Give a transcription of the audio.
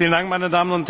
vielen dank meine damen und herren!